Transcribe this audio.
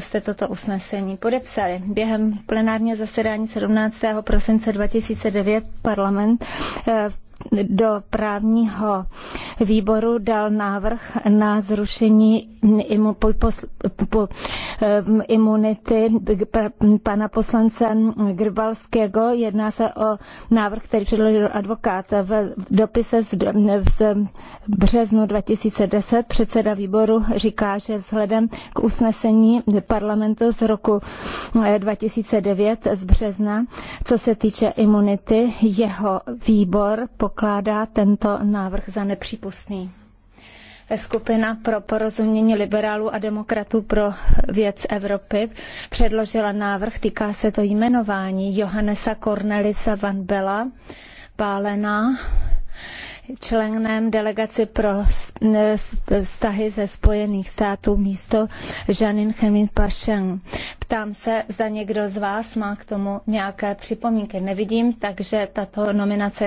jste toto usnesení podepsali. Během plenárního zasedání 17. prosince 2009 parlament eh, do právního výboru dal návrh na zrušení eh, imunity pana poslance Grbalského. Jedná se o návrh, který předložil advokát v dopise z, z březnu 2010. Předseda výboru říká, že vzhledem k usnesení parlamentu z roku 2009 eh, z března, co se týče imunity, jeho výbor pokládá tento návrh za nepřípustný přípustný. Skupina pro porozumění liberálů a demokratů pro věc Evropy předložila návrh, týká se to jmenování Johannesa Cornelisa Van Bela, Bálena, členem delegaci pro vztahy ze Spojených států místo Žanin Chemin Pašen. Ptám se, zda někdo z vás má k tomu nějaké připomínky. Nevidím, takže tato nominace